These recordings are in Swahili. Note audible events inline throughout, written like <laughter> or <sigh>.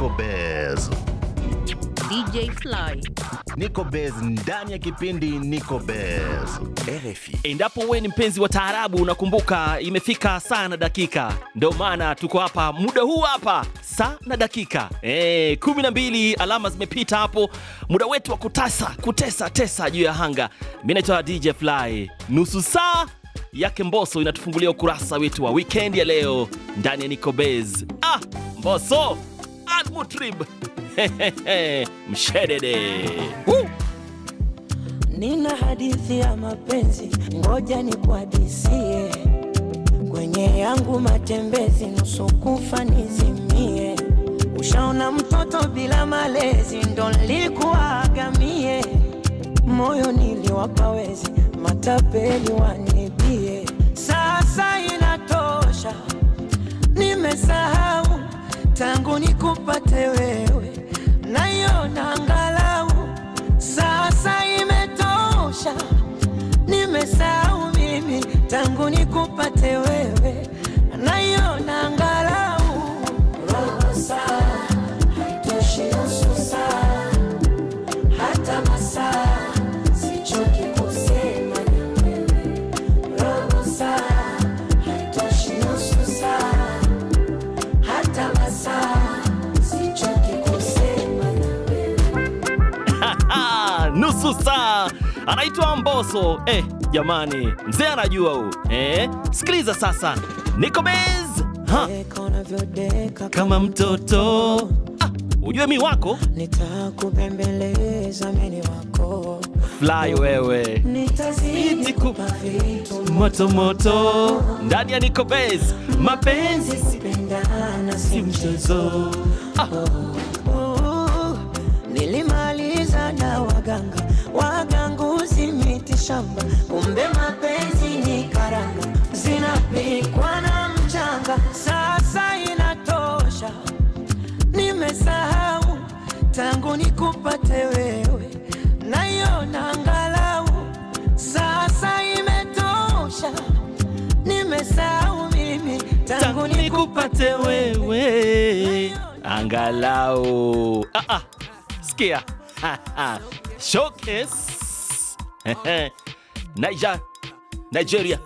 Nico Bez, DJ Fly, Niko Bez ndani ya kipindi Niko Bez RFI. Endapo wewe ni mpenzi wa taarabu, unakumbuka imefika saa na dakika, ndio maana tuko hapa muda huu hapa saa na dakika e, kumi na mbili alama zimepita hapo, muda wetu wa kutasa kutesa tesa juu ya hanga. Mimi naitwa DJ Fly, nusu saa yake Mboso inatufungulia ukurasa wetu wa weekend ya leo ndani ya Niko Bez. Ah, Mboso Al-Mutrib <laughs> mshedede Nina hadithi ya mapenzi, ngoja nikuhadisie. Kwenye yangu matembezi, nusu kufa nizimie. Ushaona mtoto bila malezi, ndo nilikuwa agamie. Moyo wezi matapeli wanibie. Sasa inatosha, nimesahau tangu nikupate wewe, naiona angalau sasa imetosha. Nimesahau mimi tangu nikupate wewe, naiona anaitwa Mboso. Eh, jamani, mzee anajua huu. Eh, sikiliza sasa, niko bez Kama mtoto ah, ujue mi wako nitakupembeleza Fly wewe moto moto ndani ya niko bez mapenzi sipendana si mchezo ah. Oh, oh, oh. Nilimaliza na waganga shamba, kumbe mapenzi ni karanga, zinapikwa na mchanga. Sasa inatosha, nimesahau tangu nikupate wewe, naiona angalau. Sasa imetosha, nimesahau mimi tangu nikupate wewe, angalau. Ah, ah, sikia <laughs> Showcase <laughs> Niger, Nigeria.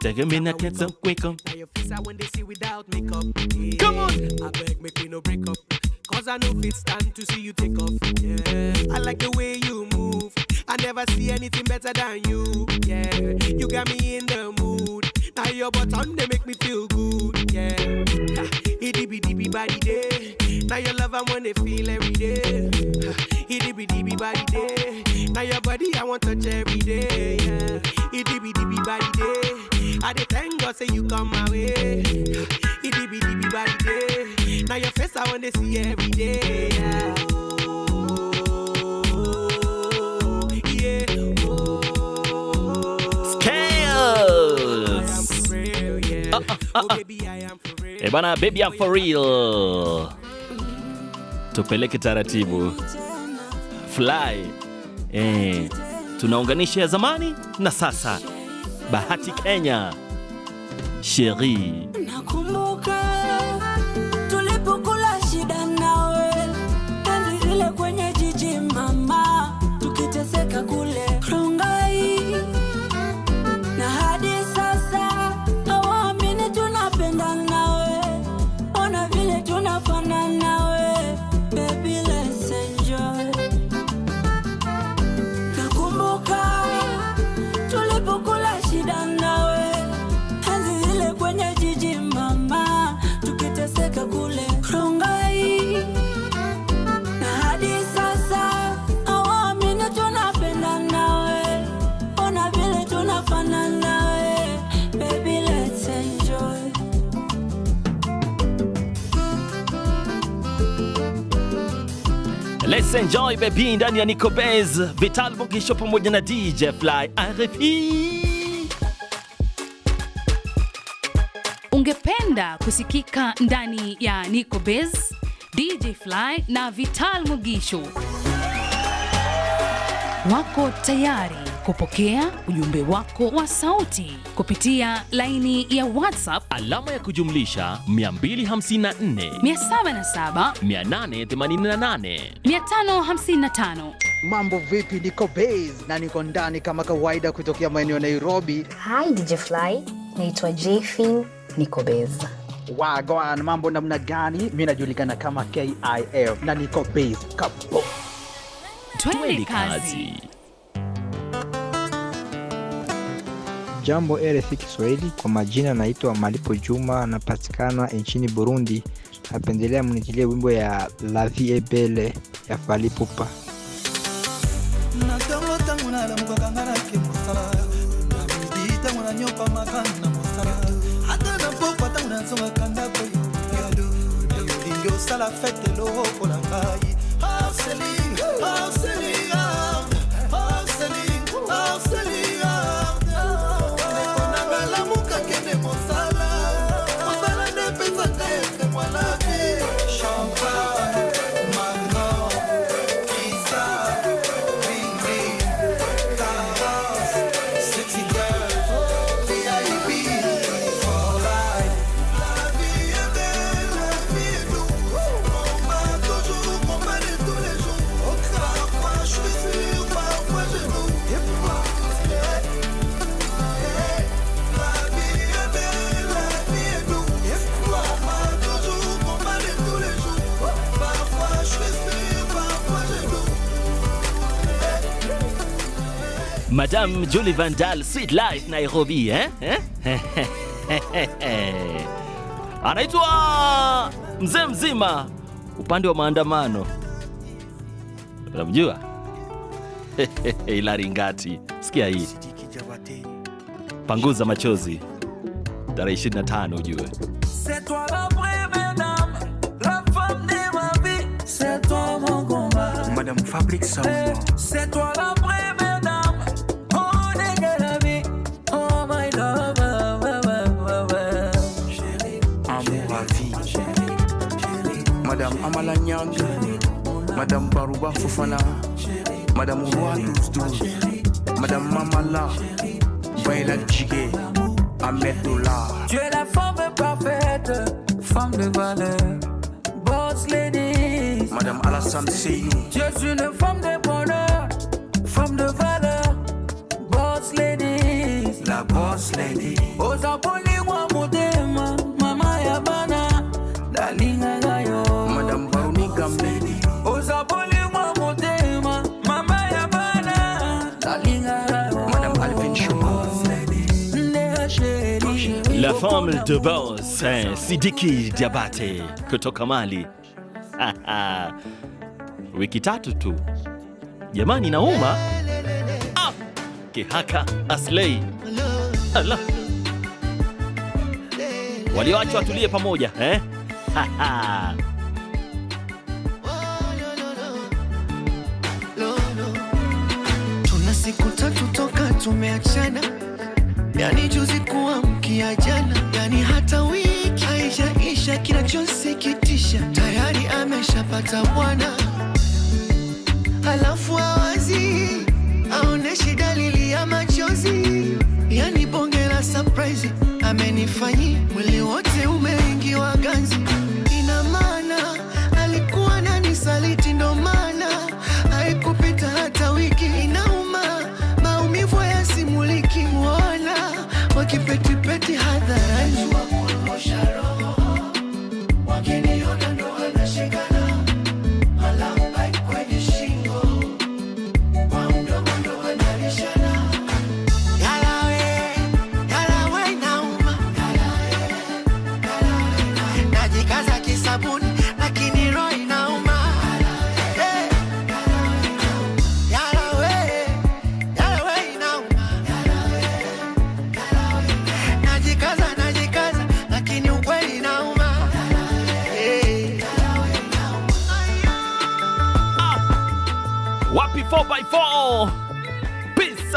Take you me not get so quick up. Now your face when they see without makeup. Yeah. Come on. I beg make me no break up. Cause I know it's time to see you take off. Yeah. I like the way you move. I never see anything better than you. Yeah. You got me in the mood. I your button, they make me feel good, yeah. Ha, itty dee body day. Now your love, I wanna feel every day. Ha, itty dee body day. Now your body, I want touch every day, yeah. Itty bitty body day. I dey thank God say you come my way. Ha, itty dee body day. Now your face, I wanna see every day, yeah. oh, baby, E bana, baby I'm for real, tupeleke taratibu fly eh, tunaunganisha ya zamani na sasa. Bahati Kenya Sheri Let's enjoy baby ndani ya Nico Bez, Vital Mugisho pamoja na DJ Fly RP. Ungependa kusikika ndani ya Nico Bez, DJ Fly na Vital Mugisho wako tayari kupokea ujumbe wako wa sauti kupitia laini ya WhatsApp alama ya kujumlisha 254 Mambo vipi? Niko base na niko ndani kama kawaida kutokea maeneo ya Nairobi. Hi DJ Fly, naitwa Jfin, niko base. Wagwan, mambo namna gani? Mi najulikana kama KIF na niko base kapo. Twende kazi. Jambo RFI Kiswahili, kwa majina naitwa Malipo Juma, napatikana nchini Burundi. Napendelea mnijilie wimbo ya La Vie Est Belle ya Fally Ipupa. Madame Julie Vandal, Sweet Life Nairobi eh? Eh? <laughs> anaitwa mzee mzima upande wa maandamano, unamjua <laughs> Hilari Ngati. Sikia hii, panguza machozi, tarehe 25 ujue Madame Fabrice Amala Nyang, Madame Barouba Fofana, Madame Roi Douzdou, Madame Mamala, Baila Djigé, Ahmed Dola. Tu es la femme parfaite, femme de valeur, boss lady. Madame Alassane Seyou. Tu es une femme de bonheur, femme de valeur, boss lady. La boss lady. Aux abonnés Formule de Boss eh, Sidiki Diabate kutoka Mali. <laughs> Wiki tatu tu jamani, nauma ah! Kihaka Aslei ala, walioacha watulie pamoja eh? <laughs> tuna siku tatu toka tumeachana, yani juzi kuwa ya jana, yani hata wiki haijaisha. Kinachosikitisha tayari ameshapata bwana, halafu awazi aoneshi dalili ya machozi, yani bonge la surprise amenifanyia mwili 4 by 4 B7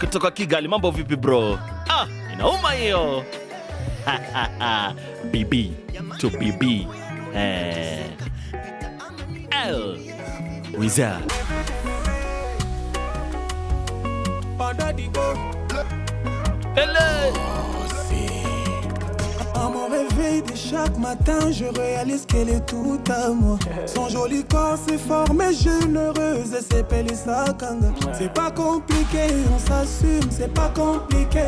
kutoka Kigali. Mambo vipi bro? Ah, inauma hiyo BB to BB eh. L Wiza Pandadi go Hello À mon réveil de chaque matin, je réalise qu'elle est toute à moi. <laughs> Son joli corps s'est formé, jeune heureuse, elle s'appelle Kanga. C'est pas compliqué, on s'assume, c'est pas compliqué.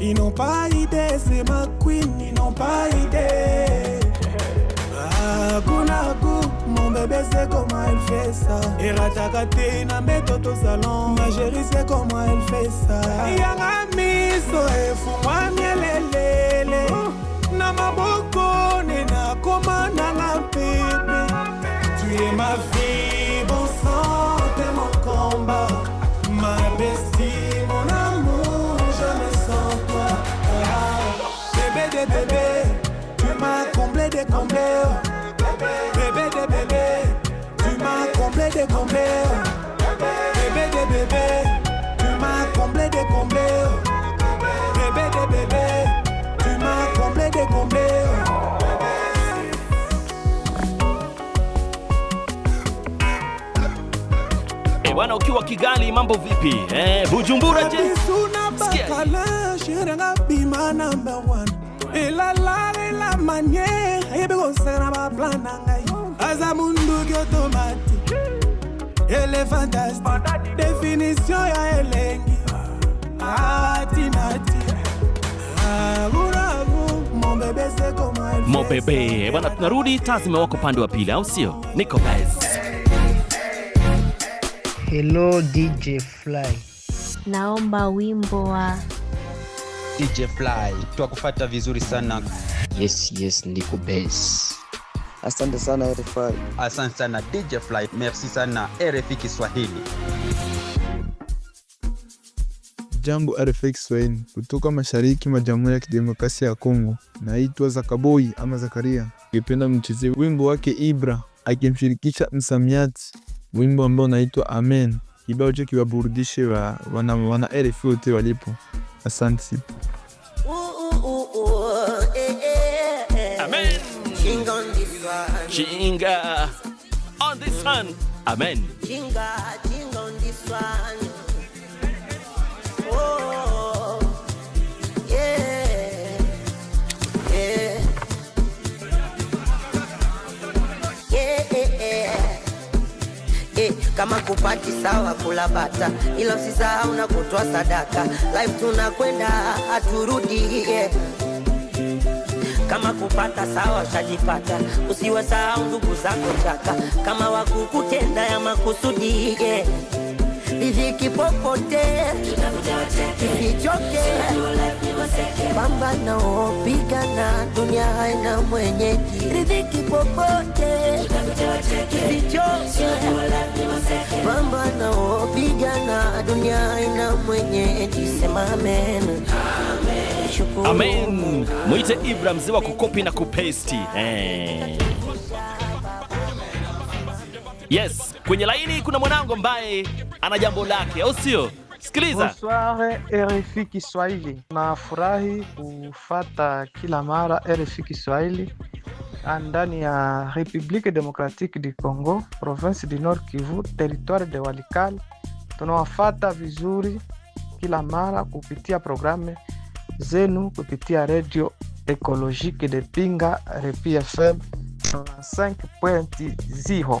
Ils n'ont pas idée, c'est ma queen, ils n'ont pas idée. <laughs> Ah, mon bébé, c'est comment elle fait ça. Et ratakate, na au salon. Ma chérie, c'est comment elle fait ça. Yanga miso, et miel et lait. mbele na maboko ninakomana na pepe tuye mavi ukiwa Kigali, mambo vipi? Eh, Bujumbura je? Mobebe bwana, tunarudi tazima wako pande wa pili, au sio? Bez Hello DJ Fly, naomba wimbo wa DJ Fly. Twakufata vizuri sana. Yes, yes, ndiko bass. Asante sana rf Asante sana DJ Fly. Merci sana rf Kiswahili. Jambo RFI Kiswahili, kutoka mashariki mwa Jamhuri ya Kidemokrasia ya Kongo. Naitwa Zakaboi ama Zakaria. Ningependa mchezee wimbo wake Ibra akimshirikisha msamiati wimbo ambao unaitwa Amen, kibao cho kiwaburudishe wa, wana, wana RFI wote walipo. Asante. Amen. kama kupati sawa kula bata, ila usisahau na kutoa sadaka. Live tunakwenda aturudi, Kama kupata sawa ushajipata, usiwasahau ndugu zako chaka, kama wakukutenda ya makusudi yeah viziki popote isichoke, pambana pigana, dunia haina mwenye Riziki popote isichoke, pambana pigana, dunia haina mwenye Sema amen. Amen. Mwite Ibra mzee wa kukopi na kupesti. Hey. Eh. Yes. Kwenye laini kuna mwanangu ambaye ana jambo lake, au sio? Sikiliza. Bonsoir RFI Kiswahili, nafurahi kufata kila mara RFI Kiswahili ah, ndani ya Republique Democratique du Congo, province du Nord Kivu, territoire de Walikale. Tunawafata vizuri kila mara kupitia programe zenu kupitia Radio Ecologique de Pinga, RFI FM 5.0.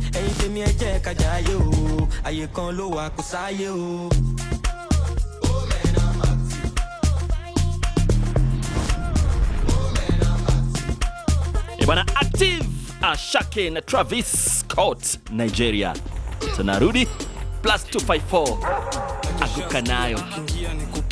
ẹ̀yin tèmi ẹ jẹ́ o àyè kan ló wà kó sáyé o. Active Ashake na Travis Scott Nigeria. Tunarudi plus 254 akukanayo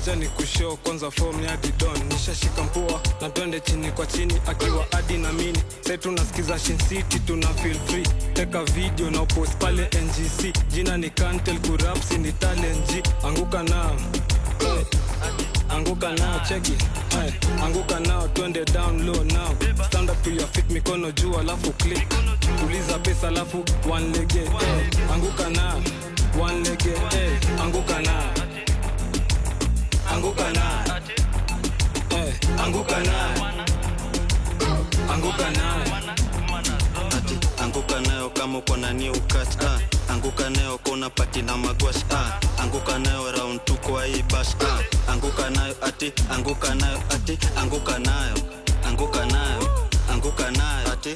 achani kusho kwanza form ya didon nishashika mpua na twende chini kwa chini akiwa adi na mini sai tunasikiza shinsiti tuna feel free teka video na upost pale ngc jina ni kantel kurapsi ni talenji anguka na anguka nao eh, cheki hey, eh, anguka nao twende down low now stand up to your feet mikono juu alafu click kuliza pesa alafu one lege eh. anguka nao one lege anguka nao anguka naye eh, anguka naye anguka naye ati anguka nayo kama uko na new ah. anguka nayo kuna pati na magwash ah. anguka nayo round hii bash ah. anguka nayo ati anguka nayo ati anguka nayo anguka nayo anguka nayo ati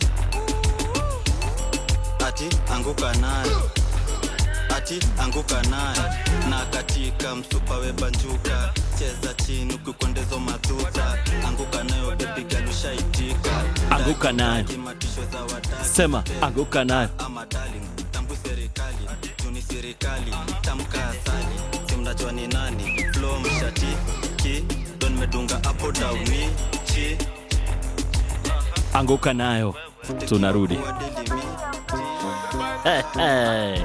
ati anguka nayo ati anguka nayo chika msupa webanjuka cheza chini ukikwendezo madhuta anguka nayo bebigalushaitika anguka nayo sema anguka nayo ama darling tambu serikali juni serikali tamka asali simnajua ni nani flo mshati ki don medunga apo dauni chi anguka nayo tunarudi hey, hey.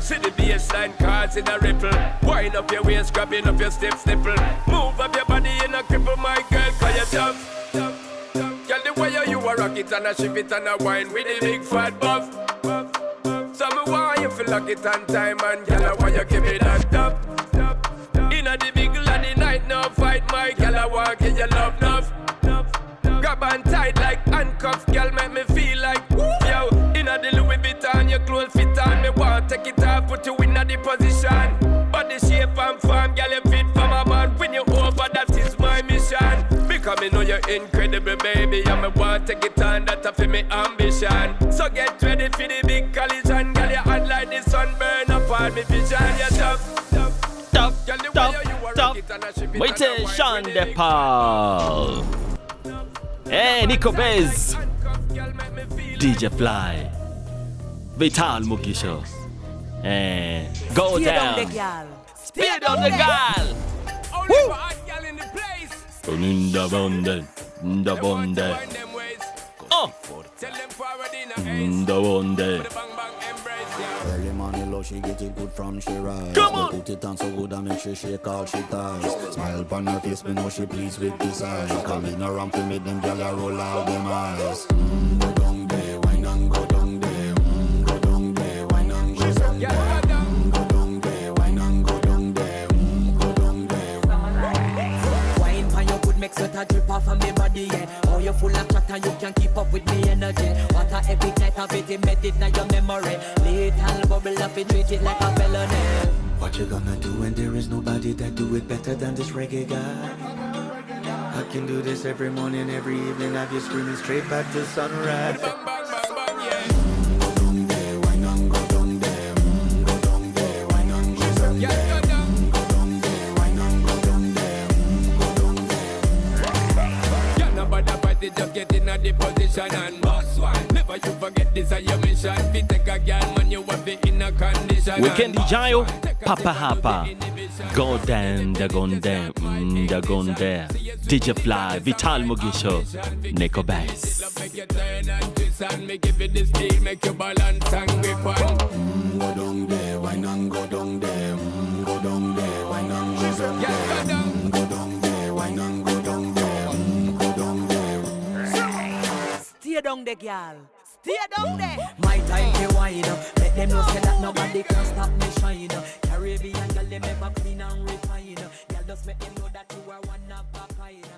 So see the baseline cards in a ripple. Wind up your waist, grabbing up your stiff nipple. Move up your body in a cripple, my girl, call you you're tough. Girl, the way you a rock it and a shift it and a wine with a big fat buff. buff, So me why you feel like it on time and girl, I want you give me that top. Inna the big land the night, no fight, my girl, I want give you love, love. Grab and tight like handcuffs, girl, make me feel like woo. Yo, inna the Louis Vuitton, your clothes fit on me. Walk Cause me know oh, you're incredible, baby. And me want to take it on, that's a for me ambition. So get ready for the big collision. Girl, your hand like the sun burn up on me vision. You're tough, tough, tough, Girl, the tough, you tough. Wait till Sean DePaul. Hey, Nico Bez. DJ Fly. Vital Mugisho. And go Speed On the gal. Speed on the gal. Woo! Bunda bunda, bunda bunda. Oh. Bunda bunda. Early she get it good from she rise. Come on. Put it on so good I make sure she call she ties. Smile upon her face, me know she pleased with this eyes. Coming around to me, them gyal roll out them eyes. Mm, off of me body, yeah. Oh, you full of chatter, you can't keep up with me energy. What a of it, in your memory. Little bubble it treat it like a felony. What you gonna do when there is nobody that do it better than this reggae guy? I can do this every morning, every evening. Have you screaming straight back to sunrise. at the position and boss one. Never you forget this is your mission. If take a girl, man, you have it in condition. Weekend Jayo, Papa Hapa. Go down, da gone down, there. DJ Fly, Vital Mugisho, Neko Bass. and twist and make this steel, make you balance and grip on. Mm, go down there, why not go down there? Mm, go down there, why not go down there? stay down there, girl. Stay down there. My time be wide. Let them know say that nobody can stop me shine. Caribbean girl, them ever clean and refine. Girl, just make them know that you are one of a kind.